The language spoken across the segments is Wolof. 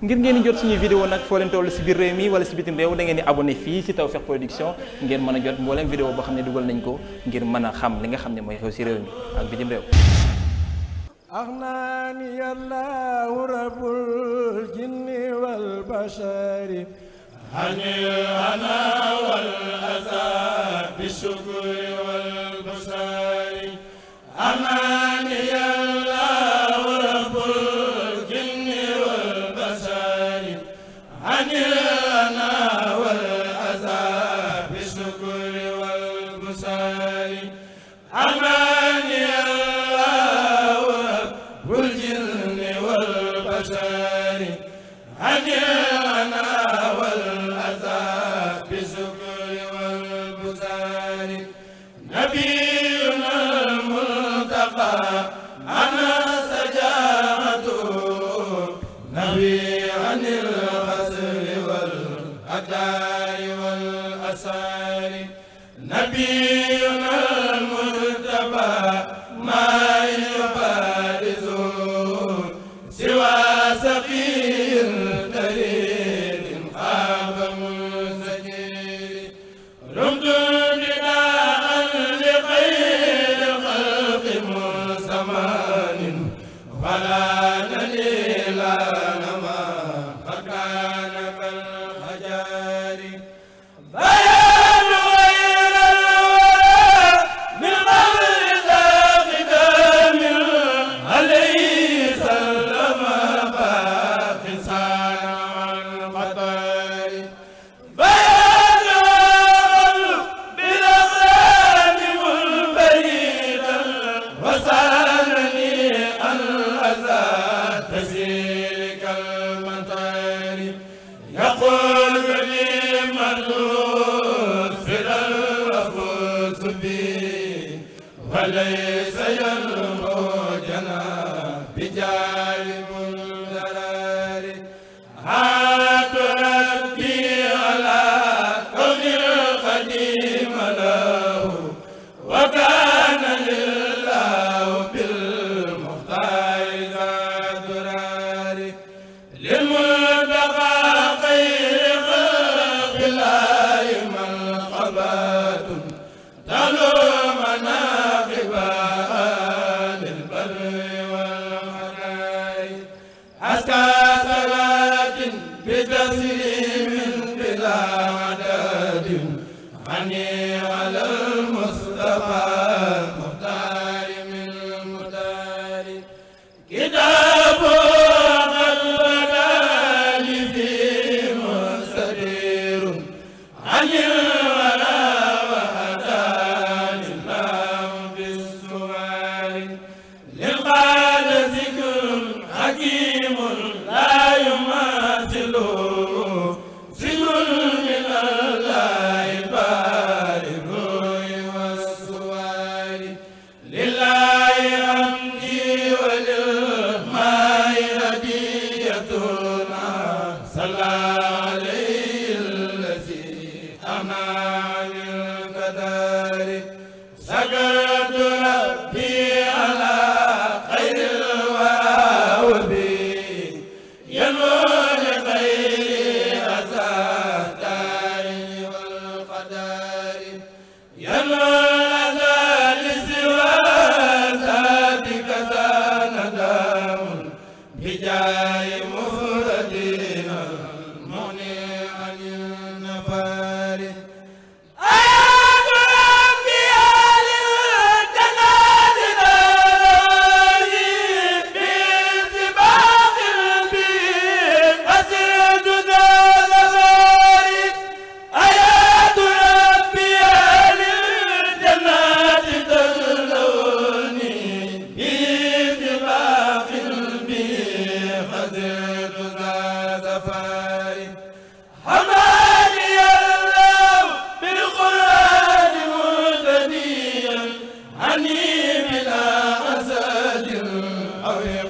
ngir ngeen jot suñu vidéo nag foo leen si biir réew mi wala si bitim réew da ngeen di abonné fii si Tawfekh Production ngeen mën a jot mbooleem vidéo boo xam ne dugal nañ ko ngir mën a xam li nga xam ne mooy xew si réew mi ak bitim réew axnaani allahu rabbul jinni wal bashari ani ana wal asa bi shukri wal basari ana النار هدينا rum وليس ينفع mani ala أمان القدر سكرت ربي على خير الورى وبي ينمو لخير أسى دار والقدر ينمو لدى لسوى ذاتك ندم بجاه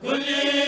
kulli